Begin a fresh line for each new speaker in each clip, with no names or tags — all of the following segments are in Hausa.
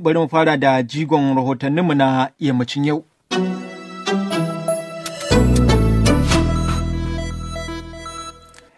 Bari mu fara da jigon rahotanninmu na yammacin yau.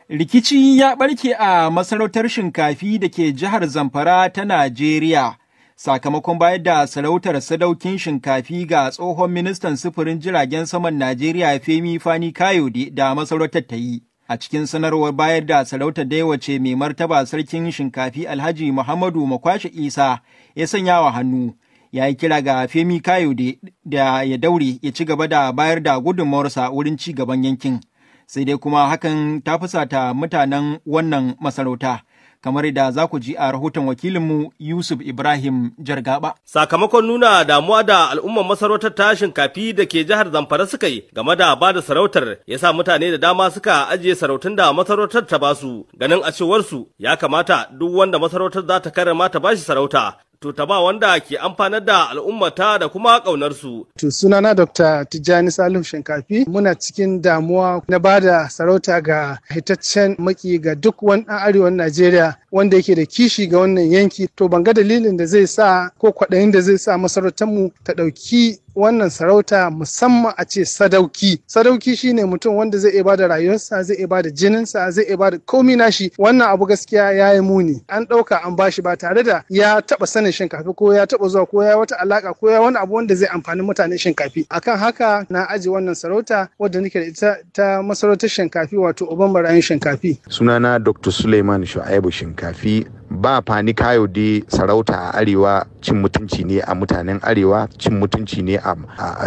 Rikici ya ɓarke a masarautar shinkafi da ke jihar Zamfara ta Najeriya, sakamakon bayar da sarautar sadaukin shinkafi ga tsohon ministan sufurin jiragen saman Najeriya Femi Fani Kayode da masarautar ta yi. a cikin sanarwar bayar da sarauta da wace mai martaba sarkin shinkafi alhaji muhammadu makwashe isa ya sanya wa hannu ya yi kira ga femi kayode da ya daure ya ci gaba da bayar da gudunmawarsa wurin ci gaban yankin sai dai kuma hakan ta fusata mutanen wannan masarauta kamar da za ku ji a rahoton wakilinmu Yusuf Ibrahim
Jargaba. Sakamakon nuna damuwa da al'ummar masarautar tashin kafi da ke jihar Zamfara suka yi game da bada sarautar ya sa mutane da dama suka ajiye sarautun da masarautar ta basu ganin a su ya kamata duk wanda masarautar za ta karrama ta bashi sarauta to ta ba wanda ke amfanar da al'ummata da kuma ƙaunarsu.
To sunana Dr. Tijjani Salim Shinkafi muna cikin damuwa na ba da sarauta ga hitaccen maki ga duk wani ɗan arewan Najeriya wanda yake da kishi ga wannan yanki to ban ga dalilin da zai sa ko kwaɗayin da zai sa masarautar mu ta ɗauki wannan sarauta musamman a ce sadauki sadauki shine mutum wanda zai iya bada rayuwarsa zai iya bada jininsa zai iya bada komi nashi wannan abu gaskiya ya yi muni an ɗauka an bashi ba tare da ya taba sanin shinkafi ko ya taɓa zuwa ko ya wata alaka ko ya wani abu wanda zai amfani mutane shinkafi akan haka na aji wannan sarauta wadda nake da ita ta masarautar shinkafi wato uban barayin shinkafi
sunana dr suleiman shu'aibu shinkafi ba fani kayo dai sarauta a arewa cin mutunci ne a mutanen arewa cin mutunci ne a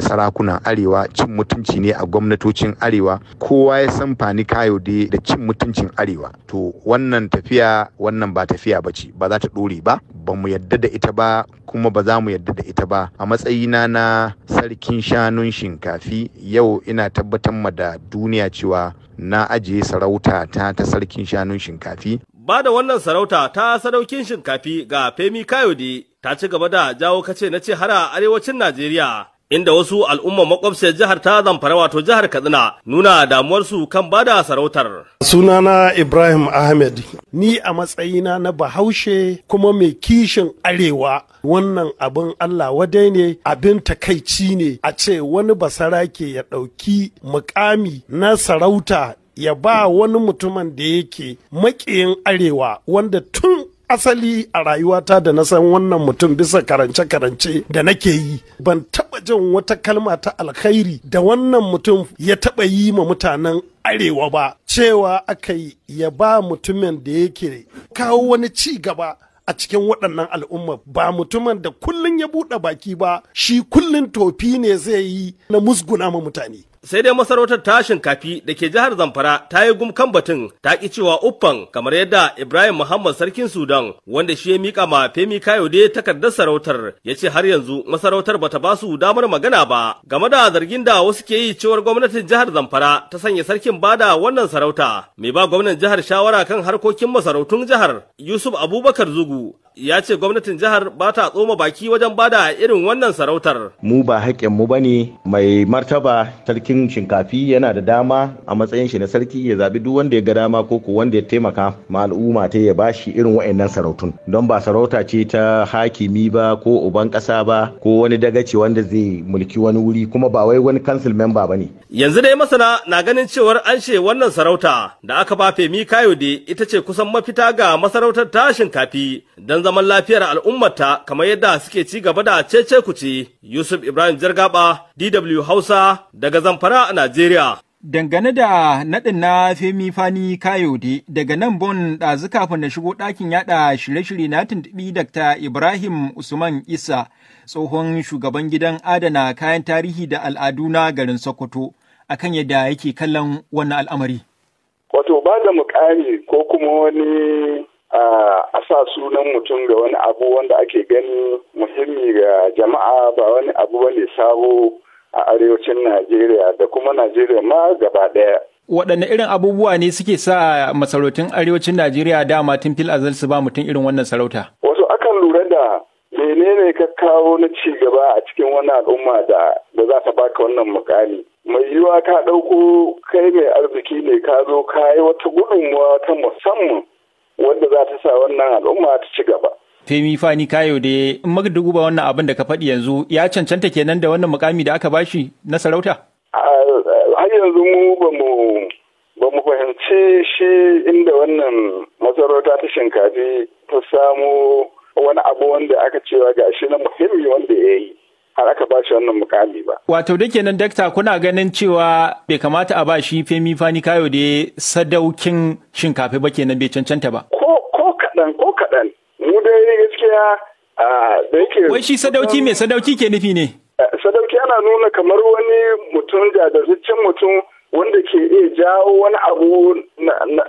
sarakunan arewa cin mutunci
ne a gwamnatocin arewa kowa ya san fani kayo dai da cin mutuncin arewa to wannan tafiya wannan ba tafiya ba ce ba za ta dore ba ba mu yadda da ita ba kuma ba za mu yadda da ita ba a matsayina na sarkin shanun shinkafi yau ina tabbatar ma da duniya cewa na ajiye sarauta ta ta sarkin shanun
shinkafi ba da wannan sarauta ta sadaukin shinkafi ga Femi Kayode ta ci gaba da jawo kace na ce har a arewacin Najeriya inda wasu al'umman makwabciyar jihar ta zamfara wato jihar Katsina nuna damuwarsu kan bada sarautar.
Sunana Ibrahim Ahmed ni a matsayina na bahaushe kuma mai kishin arewa wannan abin Allah wadai ne abin takaici ne a ce wani basarake ya ɗauki mukami na sarauta ya ba wani mutumin da yake makiyin arewa wanda tun asali a rayuwata da na san wannan mutum bisa karance-karance da nake yi ban taɓa jin wata kalma ta alkhairi da wannan mutum ya taba yi ma mutanen arewa ba cewa aka yi ya ba mutumin da yake kawo wani ci gaba a cikin waɗannan al'umma ba mutumin da kullun ya buɗe baki ba shi kullun tofi ne zai yi na musguna ma mutane
sai dai masarautar tashin kafi da ke jihar zamfara ta yi gumkan batun ta ki cewa uffan kamar yadda ibrahim muhammad sarkin sudan wanda shi ya mika ma femi kayode takardar sarautar ya ce har yanzu masarautar bata ba su damar magana ba game da zargin da wasu ke yi cewar gwamnatin jihar zamfara ta sanya sarkin bada wannan sarauta mai ba gwamnan jihar shawara kan harkokin masarautun jihar yusuf abubakar zugu ya ce gwamnatin jihar ba ta tsoma baki wajen bada irin wannan sarautar mu ba haƙƙin mu bane mai martaba sarkin cikin shinkafi yana da dama a matsayin shi na sarki ya zabi duk wanda ya ga dama ko ko wanda ya taimaka ma al'umma ta ya bashi irin wa'annan sarautun don ba sarauta ce ta hakimi ba ko uban kasa ba ko wani dagaci wanda zai mulki wani wuri kuma ba wai wani council member bane yanzu dai masana na ganin cewar an she wannan sarauta da aka ba Femi Kayode ita ce kusan mafita ga masarautar ta shinkafi don zaman lafiyar ta kamar yadda suke ci gaba da cece kuce Yusuf Ibrahim Jargaba DW Hausa daga Zamfara Zamfara a Najeriya.
Dangane da naɗin na Femi Fani Kayode daga nan Bon ɗazu kafin na shigo ɗakin yaɗa shirye-shirye na tuntuɓi Dr. Ibrahim Usman Isa, tsohon shugaban gidan adana kayan tarihi da al'adu na garin Sokoto, akan yadda yake kallon wani al'amari.
Wato ba da mukami ko kuma wani a sa sunan mutum ga wani abu wanda ake gani muhimmi ga jama'a ba wani abu bane sabo a arewacin Najeriya da kuma Najeriya ma gaba ɗaya.
Waɗanne irin abubuwa ne suke sa masarautun arewacin Najeriya dama tun fil azal su ba mutum irin wannan sarauta?
Wasu akan lura da menene ka kawo na ci gaba a cikin wani al'umma da da za ta baka wannan mukami. Mai yiwuwa ka ɗauko kai mai arziki ne ka zo ka yi wata gudunmuwa ta musamman wanda za ta sa wannan al'umma ta ci gaba.
Femi Fani Kayo da in maka ba wannan abin da ka faɗi yanzu ya cancanta kenan da wannan mukami da aka bashi na sarauta?
Har yanzu mu ba mu ba mu fahimci shi inda wannan masarauta ta shinkafi ta samo wani abu wanda aka cewa ga shi na muhimmi wanda ya yi har aka bashi wannan mukami ba.
Wato da kenan dakta kuna ganin cewa bai kamata a ba shi Femi Fani Kayo da sadaukin shinkafi ba kenan bai cancanta ba.
gaskiya da yake wai shi sadauki mai sadauki ke nufi ne sadauki yana nuna kamar wani mutum jajirtaccen mutum wanda ke iya jawo wani abu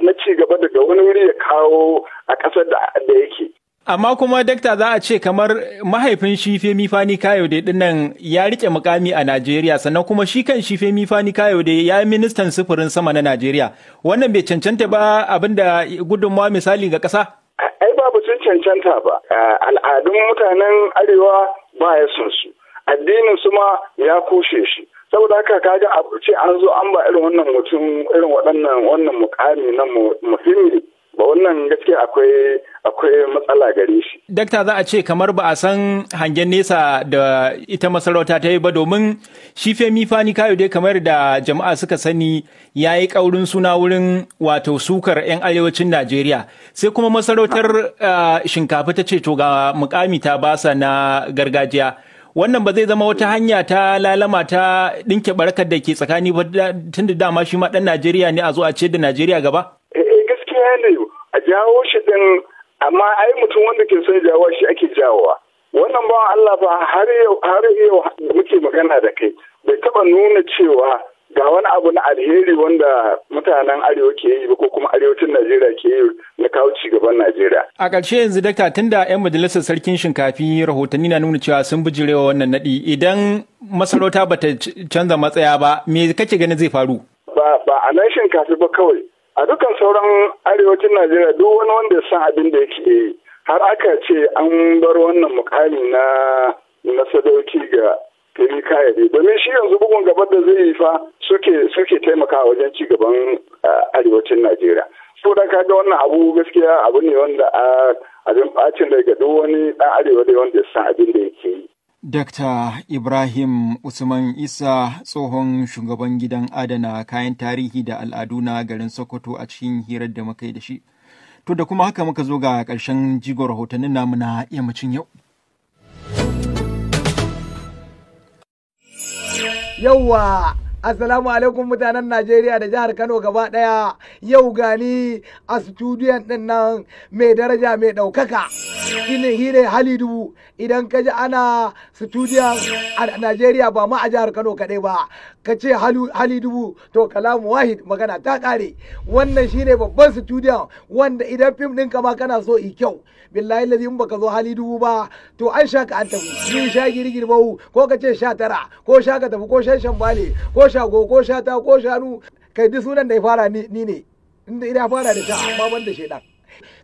na cigaba daga wani wuri ya kawo a ƙasar da yake
amma kuma dakta za a ce kamar mahaifin shi Femi Fani Kayode dinnan ya rike mukami a Najeriya sannan kuma shi kan shi Femi Fani da ya yi ministan sufurin sama na Najeriya wannan bai cancanta ba abinda gudunmawa misali ga ƙasa
cancanta ba al'adun mutanen arewa ba ya son su addinin su ma ya kushe shi saboda haka kaga a ce an zo an ba irin wannan mutum irin waɗannan wannan mukami na muhimmi ba wannan gaskiya akwai akwai matsala gare shi.
Dakta za a ce kamar ba a san hangen nesa da ita masarauta ta yi ba domin shi Femi Fani Kayo dai kamar da jama'a suka sani ya yi ƙaurin suna wurin wato sukar 'yan arewacin Najeriya. Sai kuma masarautar ah. Ah, shinkafa ta ce to ga mukami ta basa na gargajiya. Wannan ba zai zama wata hanya ta lalama ta ɗinke barkar da ke tsakani ba tun da dama shi ma ɗan Najeriya ne a zuwa ce da Najeriya gaba? Eh,
eh, gaskiya ne jawo shi din amma ai mutum wanda ke son jawo shi ake jawowa wannan ba Allah ba har yau har yau muke magana da kai bai taba nuna cewa ga wani abu na alheri wanda mutanen arewa ke yi ko kuma arewacin Najeriya ke yi na kawo ci gaban Najeriya.
A ƙarshe yanzu dakta tunda 'yan majalisar sarkin shinkafi rahotanni na nuna cewa sun bijirewa wannan nadi idan masarauta bata canza matsaya ba me kake ganin zai faru?
Ba ba a nan shinkafi ba kawai a dukkan sauran arewacin najeriya duk wani wanda ya san abin da yake har aka ce an bar wannan mukami na na sadauki ga fili kayade domin shi yanzu bugun gaba da zai yi fa suke suke taimaka wajen ci gaban arewacin najeriya so da kaga wannan abu gaskiya abu ne wanda a abin bacin daga duk wani dan arewa da wanda ya san abin da yake yi
Dr. Ibrahim Usman Isa tsohon shugaban gidan adana kayan tarihi da al'adu na garin Sokoto a cikin hirar da muka yi da shi. To da kuma haka muka zo ga ƙarshen jigo rahotannin namu na yammacin yau.
yauwa Assalamu alaikum mutanen Najeriya da jihar Kano gaba ɗaya yau gani a studiyon ɗin nan mai daraja mai ɗaukaka. shine hire hali dubu idan ka ji ana studio a Najeriya ba ma a jihar Kano kaɗai ba ka ce hali dubu to kalamu wahid magana ta ƙare wannan shine babban studio wanda idan fim ɗin ka ma kana so i kyau billahi lazi baka zo hali dubu ba to an sha ka an tafi yin sha girgir bau ko ka ce sha tara ko sha ka tafi ko shan shambale ko shago ko shata ko shanu kai duk sunan da ya fara ni ne inda ya fara da sha amma ban da shaidan